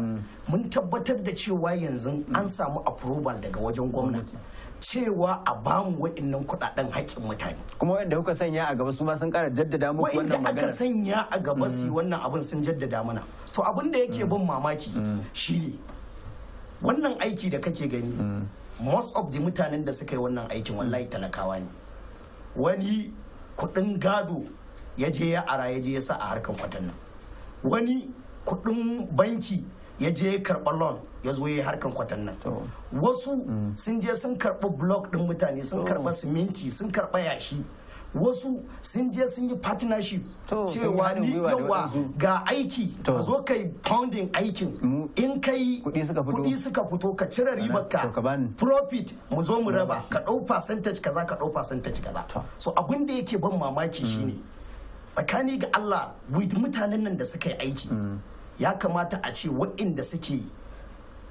mun tabbatar da cewa yanzu an samu approval daga wajen gwamnati cewa a bamu waɗannan kudaden haƙƙin mutane. Kuma waɗanda kuka sanya a gaba su ma sun ƙara jaddada muku wannan magana. wanda aka sanya a gaba su wannan abin sun jaddada mana. To abin da yake bin mamaki shine wannan aiki da kake gani hmm. most of the mutanen da suka yi wannan aikin wallahi talakawa ne wani kudin gado ya je ya ara ya je ya sa a harkan kwatannan wani kudin banki ya je ya karɓa loan ya zo ya harkan harkar wasu hmm. sun je sun karɓi block ɗin mutane sun karɓa siminti sun karɓa yashi wasu sun je sun yi partnership cewa ni yawa ga aiki ka zo kai pounding aikin in ka yi kudi suka fito ka cire ribar ka profit mu zo mu raba ka dau percentage kaza ka dau percentage kaza so abin da yake ban mamaki mm. shine tsakani ga Allah with mutanen nan da suka yi aiki mm. ya kamata a ce waɗanda suke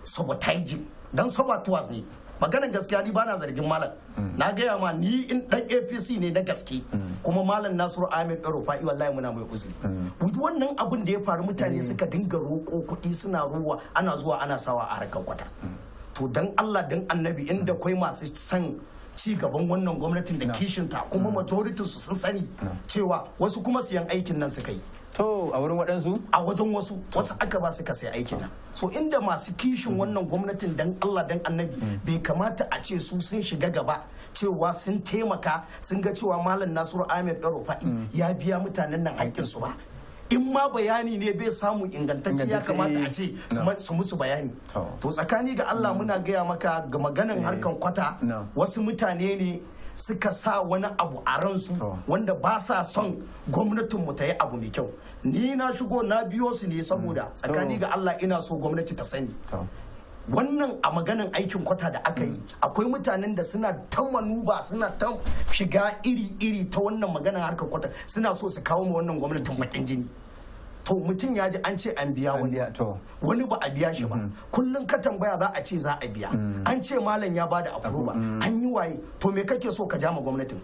sabotaging dan sabatuwas ne maganan gaskiya ni bana zargin malam mm. na gaya ma ni in dan apc ne na gaske mm. kuma malam nasiru ahmed ɗaro fa'i wallahi muna mai uzuri mm. wannan abun da ya faru mutane suka dinga roƙo kuɗi suna ruwa ana zuwa ana sawa a harkar kwata to dan allah dan annabi inda kwai masu san ci gaban wannan gwamnatin da kishinta kuma majoritinsu sun sani cewa wasu kuma siyan aikin nan suka yi to a wurin waɗansu a wajen wasu wasu aka ba suka sai aikin nan so inda masu kishin wannan gwamnatin dan Allah dan annabi mm. bai kamata a ce su sun shiga gaba cewa sun taimaka sun ga cewa malam Nasiru Ahmed Ɗarofa'i mm. ya biya mutanen nan haƙƙinsu ba in ma bayani ne bai samu ingantacce ya kamata a ce su musu bayani to tsakani ga Allah mm. muna gaya maka ga maganan eh. harkan kwata wasu mutane ne suka sa wani abu a ransu wanda ba sa son gwamnatinmu ta yi abu mai kyau ni na shigo na biyo su ne saboda mm. tsakani ga Allah ina so gwamnati ta sani wannan a maganin aikin kwata da aka yi mm. akwai mutanen da suna ta manuba suna ta shiga iri-iri ta wannan maganin harkar kwata suna so su kawo ma wannan gwamnatin bakin jini to mutum ya ji an ce an biya wani wani ba a biya shi ba mm-hmm. kullum ka tambaya za a ce za a biya mm-hmm. an ce malam ya bada approval mm-hmm. an yi waye to me kake so ka ja ma gwamnatin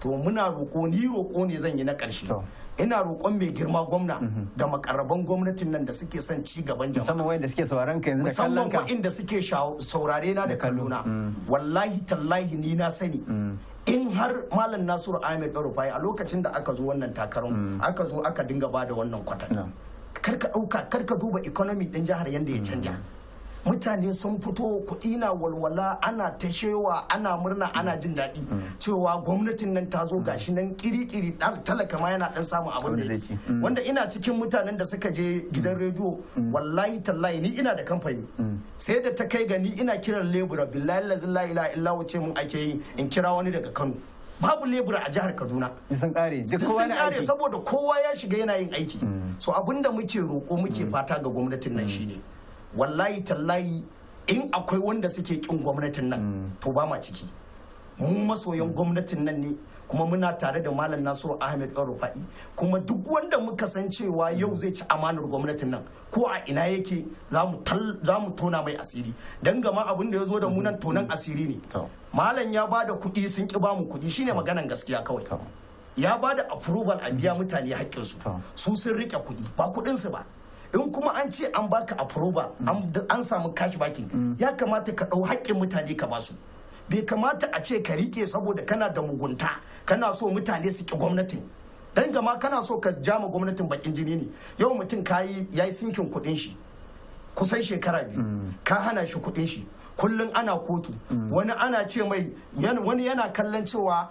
to muna roƙo ni roƙo ne zan yi na ƙarshe ina roƙon mai girma gwamna da makarraban gwamnatin nan da suke son ci gaban jama'a musamman wanda suke sauraron ka yanzu da kallon ka musamman wanda suke saurare na da kalluna mm. wallahi tallahi ni na sani mm. in har malam nasiru ahmed ɗarufai a lokacin da aka zo wannan takarar mm. aka zo aka dinga ba da wannan kwatan karka ɗauka karka duba economy ɗin jihar yadda ya canja mm. mutane sun fito kuɗi na walwala ana ta shewa ana murna ana jin daɗi mm. Mm. cewa gwamnatin nan ta zo mm. gashi nan kiri-kiri talaka ma yana ɗan samun abin da yake wanda ina cikin mutanen da suka je gidan rediyo wallahi tallahi ni ina da kamfani sai da ta kai gani ina kiran lebura billahi la ilaha illa wuce mun ake yi in kira wani daga Kano babu lebura a jihar kaduna sun kare sun kare saboda kowa ya shiga yana yin aiki so abinda muke roko muke fata ga gwamnatin nan shine wallahi tallahi in akwai wanda suke kin gwamnatin nan mm. to ba ma ciki mu masoyan mm. gwamnatin nan ne kuma muna tare da malam nasiru ahmed rufa'i kuma duk wanda muka san cewa mm. yau zai ci amanar gwamnatin nan ko a ina yake za mu tona mai asiri don gama abin da ya zo da munan tonan mm-hmm. asiri ne malam ya ba da kuɗi sun ƙi ba mu kuɗi shine maganan gaskiya kawai ya ba da approval a biya mm-hmm. mutane haƙƙinsu su sun riƙe kuɗi ba kuɗinsu ba in kuma an ce an baka approval an samu cash backing ya kamata ka ɗau haƙƙin mutane ka basu bai kamata a ce ka rike saboda kana da mugunta kana so mutane su ki gwamnatin dan gama kana so ka jama gwamnatin bakin jini ne yau mutum kayi yayi sinkin kuɗin shi kusan shekara biyu mm. ka hana shi kuɗin shi kullum ana kotu mm. wani ana ce mai wani yana kallon cewa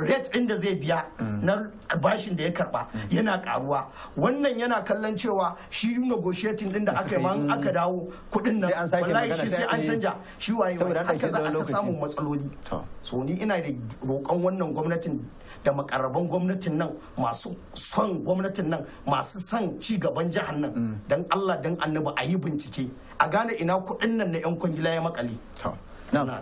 rate ɗin da zai biya na bashin da ya karba yana karuwa wannan yana kallon cewa shi negotiating ɗin da aka yi aka dawo kuɗin nan wallahi shi sai an canja shi waye haka za a ta matsaloli so ni ina da roƙon wannan gwamnatin da makarraban gwamnatin nan masu son gwamnatin nan masu son ci gaban jihar nan mm. dan Allah dan annabi a yi bincike a gane ina kuɗin nan na 'yan kwangila ya makale.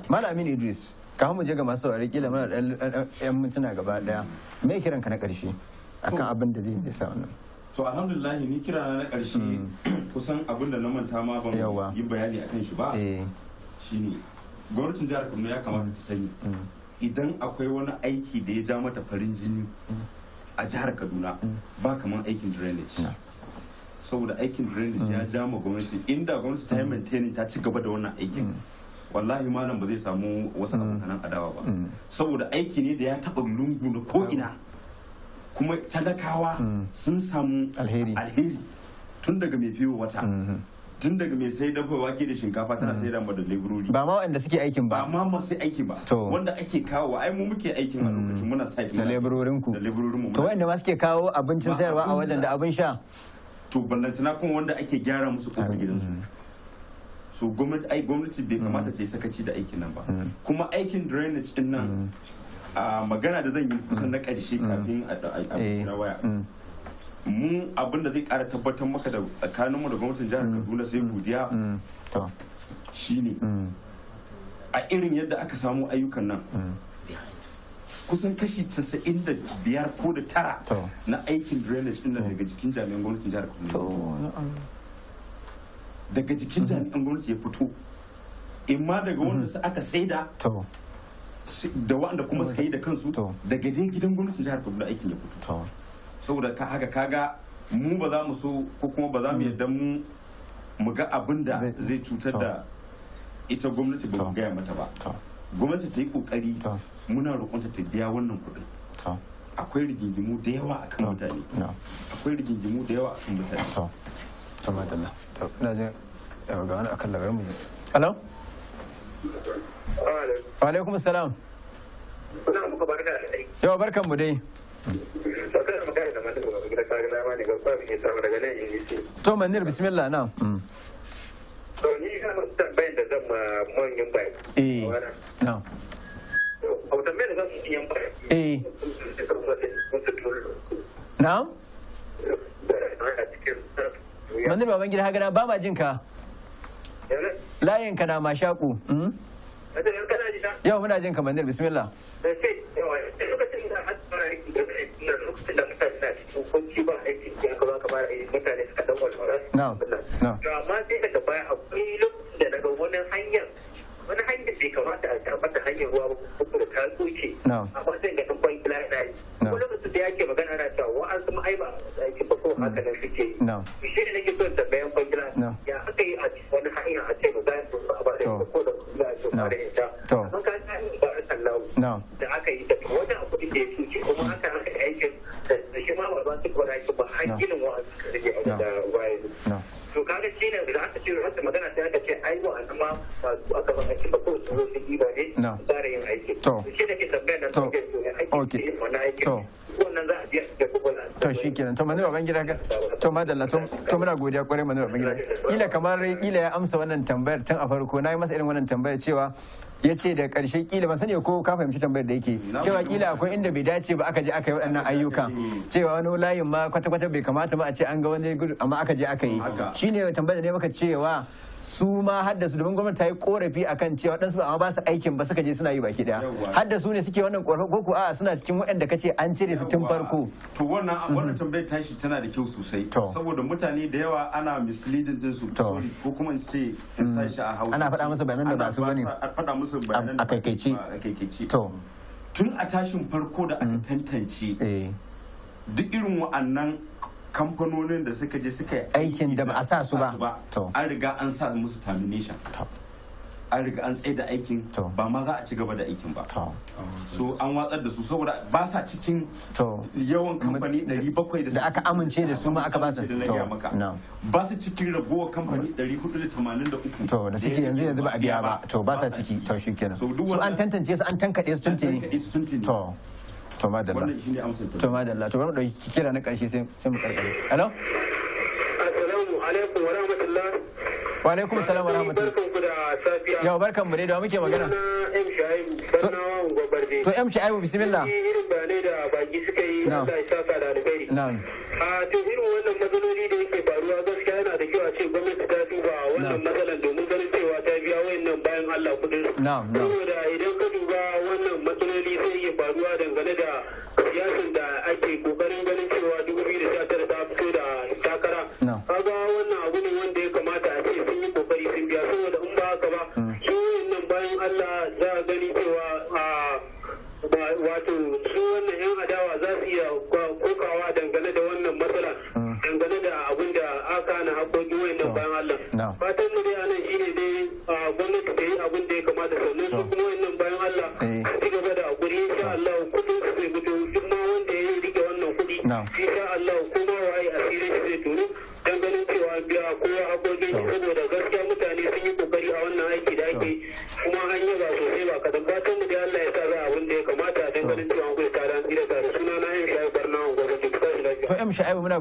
Malamin Idris, Ka mu je ga masu saurari kila mana ɗan mintuna gaba ɗaya me kiran ka na ƙarshe. akan abin da zai sa wannan
to alhamdulillah ni kira na ƙarshe. Hmm. *clears throat* kusan abin da na manta ma ban yi bayani akan shi ba eh. shine gwamnatin jihar Kaduna ya kamata ta sani hmm. idan akwai wani aiki da ya ja mata farin jini hmm. a jihar Kaduna ba kamar aikin drainage saboda aikin drainage ya ja ma gwamnati inda gwamnati ta yi maintain ta ci gaba da wannan aikin wallahi malam ba zai samu wasu mm. abokanan adawa ba mm. saboda aiki ne da ya taɓa lungu na ko'ina kuma talakawa mm. sun samu alheri tun daga mai fiye wata mm-hmm. tun daga mai sai dafa wake da shinkafa tana sai da da leburori ba ma wanda suke aikin ba ba ma sai aiki ba wanda ake kawo ai mu muke aikin a lokacin muna sai da leburorin ku da leburorin mu to wanda ma suke kawo abincin sayarwa a wajen da abin sha to ballantana kuma wanda ake gyara musu kofar gidansu so gwamnati ai gwamnati bai kamata mm. ta yi sakaci da aikin nan ba mm. kuma aikin drainage din nan mm. a magana da zan yi kusan na ƙarshe kafin a eh. waya mu abinda zai ƙara tabbatar maka da tsakaninmu da gwamnatin jihar kaduna sai godiya shine a irin yadda aka samu ayyukan nan kusan kashi 95 ko da tara na aikin drainage din daga jikin jami'an gwamnatin jihar kaduna daga jikin mhm. jami'an gwamnati ya fito in ma daga wanda su mhm. aka saida da wanda kuma suka yi da kansu daga dai gidan gwamnatin jihar kaduna aikin ya fito saboda ka haka kaga mu ba za mu so ko kuma ba za mu mm. yarda mu mu ga abin da zai cutar da ita gwamnati ba mu gaya mata ba gwamnati ta yi kokari muna roƙonta ta biya wannan kuɗin akwai rigingimu da yawa akan mutane akwai rigingimu da yawa akan mutane to madalla to ina jin ga wani akan labarin mu alo
wa alaikum salam yawa barkan mu dai to manir bismillah na
to ni ina da zan ma manyan bai eh na da zan bai eh
manzur baban gida haka ba ma jin ka layin ka na mashaku hmm? yau muna jin ka bismillah eh, eh, eh, hukunci ba aiki in ka na mutane
Na. Na. To amma sai daga baya a lokacin da daga wani hanyar wani hanyar da ya kamata a hanyar ruwa kuma da ta tsoke a matsayin da yi kuma lokacin da yake magana ana cewa wa'an kuma ai ba a aiki ba ko haka nan suke
yi shi ne nake son tambayan ya aka yi a wani hanyar a ce ba za
a ba da ko da ba da ita Allah da aka yi da wani abu da ya cuce kuma haka aka yi aikin da shi ma ba su gwada shi ba har ginin wa'azi ka rage a
da waye to kaga shi ne da aka ce wata magana sai aka ce ai wa'azi ma ba su aka ba aiki ba ko su zo su yi ba ne tsara yin aikin to shi da ke tambayar nan to aikin to aikin wannan za a biya da kuma to shi kenan to manuwa ban gida to madalla to muna godiya kwarai manuwa ban gida kila kamar kila ya amsa wannan tambayar tun a farko na yi masa irin wannan tambayar cewa ya ce da karshe kila ba sani ko ka fahimci tambayar da yake cewa kila akwai inda bai dace ba aka je aka yi waɗannan ayyukan cewa wani layin ma kwata-kwata bai kamata ma a ce an ga wani gudu amma aka je aka yi shine tambayar da ne maka cewa su ma hadda su domin gwamnati ta yi korafi akan cewa dan su amma ba su aikin ba suka je suna yi baki daya hadda su ne suke wannan korafi ko ku a suna cikin waɗanda kace an
cire su tun farko to wannan mhm. wannan tambayar tashi tana da kyau sosai saboda mutane da yawa ana misleading din su ko kuma ce in mm. sashi a hausa ana faɗa musu bayanan da ba su bane a faɗa musu bayanan da a kaikaici to tun a tashin farko da aka mm. tantance eh. duk irin wa'annan kamfanonin da suka je suka yi aikin da ba a sa su ba an riga an sa musu termination an riga an tsaye da aikin ba ma za a ci gaba da aikin ba so an watsar da su saboda ba sa cikin yawan kamfani 700 da aka amince da su ma aka ba su ba su cikin ragowar kamfani 483 to da suke yanzu yanzu ba a biya ba to ba sa ciki
to kenan. so an
tantance su an tankade su
tuntuni to to madalla wannan shine amsar to madalla to bari dauki kira na karshe sai sai mu karkare hello assalamu alaikum wa rahmatullah wa alaikum salam wa rahmatullah yau barkan mu dai da muke magana to m shaibu bismillah irin bayanai da
baki suka yi Allah ya saka da alkhairi na'am to irin wannan matsaloli da yake faruwa gaskiya yana da kyau a ce gwamnati ta duba wannan matsalan domin ganin cewa ta biya wayannan bayan Allah kudin na'am na'am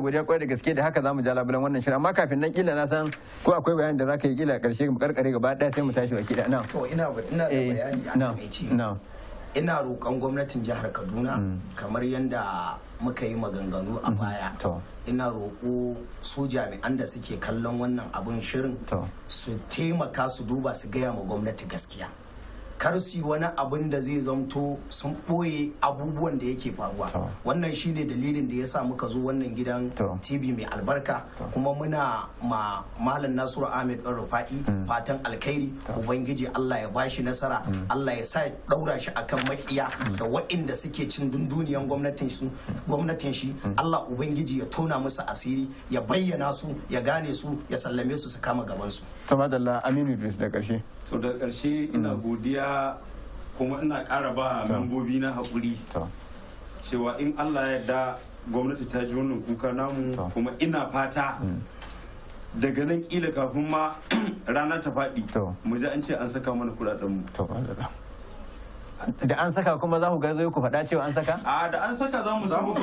godiya kwarai da gaske da haka zamu ja labulan wannan shirin amma kafin nan kila na san ko akwai bayani da zaka yi kila karshe mu karkare gaba daya sai mu tashi wa kila na to
ina ina da eh, bayani a na ina roƙon gwamnatin jihar Kaduna hmm. kamar yadda muka yi maganganu a hmm, baya ina roƙo su jami'an da suke kallon wannan abin shirin su taimaka su duba su gaya ma gwamnati gaskiya kar su wani abin da zai zamto sun ɓoye abubuwan da yake faruwa wannan shine dalilin da ya sa muka zo wannan gidan tv mai albarka kuma muna ma malam nasiru ahmed ɗan rufa'i mm. fatan alkhairi ubangiji allah ya bashi nasara mm. allah ya sa ɗaura shi kan maƙiya mm. da waɗanda suke cin dunduniyan gwamnatin shi allah ubangiji ya tona musu asiri ya bayyana su ya gane su ya sallame su su kama gabansu. Tamadalla Aminu Idris da ƙarshe.
to da karshe ina mm. godiya kuma ina ƙara ba mambobi na haƙuri cewa in allah ya da gwamnati ta ji wannan kuka namu kuma ina fata mm. daga nan kila kafin ma *clears throat* rana ta faɗi mu ji an ce an saka mana kuɗaɗen mu da an saka kuma za ku garzo ku faɗa cewa an saka? a da an saka za mu za mu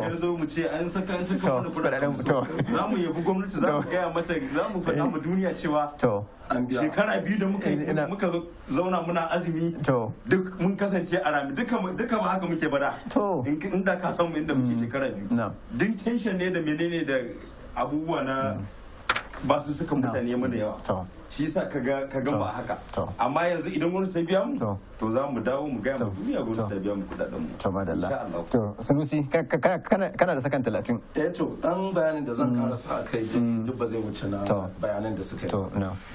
garzo mu ce an saka an saka wani kuɗaɗen to za mu yabi gwamnati za mu gaya mata za mu faɗa mu duniya cewa to shekara biyu da muka muka zauna muna azumi to duk mun kasance a rami duka duka ba haka muke bada to inda ka san mu inda muke mm. shekara biyu duk tension ne da menene da abubuwa na mm. ba su suka mutane mu da yawa shi yasa kaga kaga ba haka amma yanzu idan gwamnati ta biya mu to za mu dawo mu gaya mu duniya gwamnati ta biya mu kudaden mu to madalla
to sunusi
kana da sakan 30 eh to dan bayanin da zan karasa mm. kai mm. duk ba zai
wuce na bayanin da suka yi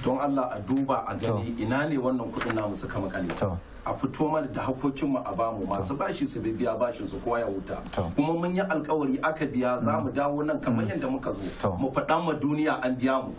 don Allah a duba a gani ina ne wannan kudin namu suka makale a fito mana da hakokinmu a bamu masu bashi su bi biya bashin su kowa ya huta kuma mun yi alkawari aka biya za mu mm. dawo nan kamar yadda muka zo mu faɗa ma duniya an biya mu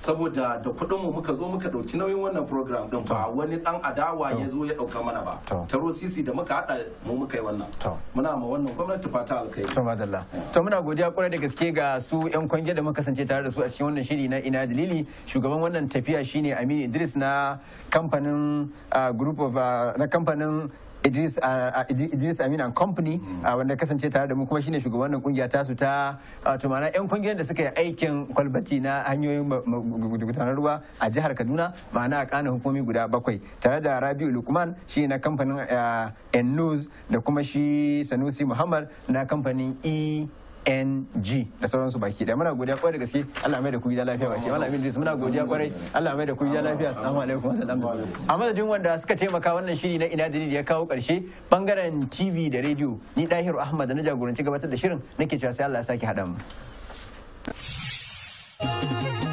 saboda da kudinmu muka zo muka ɗauki nauyin wannan program din ba wani dan adawa ya zo ya ɗauka mana ba taro sisi da muka haɗa mu muka yi wannan muna ma wannan gwamnati fata alkai to madalla to muna godiya kwarai da gaske ga su yan kwange da muka kasance tare da su a cikin wannan
shiri na ina dalili shugaban wannan tafiya shine Aminu Idris na kamfanin ah, group of ah, na kamfanin Idris, uh, uh, Idris Amin and Company hmm. uh, wanda kasance tare da mu kuma shine shugaban wannan kungiya tasu ta wato uh, ma'ana yan kungiyar da suka yi aikin kwalbati na hanyoyin gudanar ruwa a jihar Kaduna ma'ana a kana hukumi guda bakwai tare da Rabiu Lukman shi na kamfanin news da kuma shi Sanusi Muhammad na kamfanin E ng da sauransu baki daya muna godiya kwarai da gaske Allah mai da ku gida lafiya baki Allah mai da muna godiya kwarai Allah mai da ku gida lafiya assalamu alaikum wa salamu a madadin wanda suka taimaka wannan shiri na ina dalili ya kawo karshe bangaren TV da radio ni Dahiru Ahmad da na jagoranci gabatar da shirin nake cewa sai Allah ya saki haɗa mu.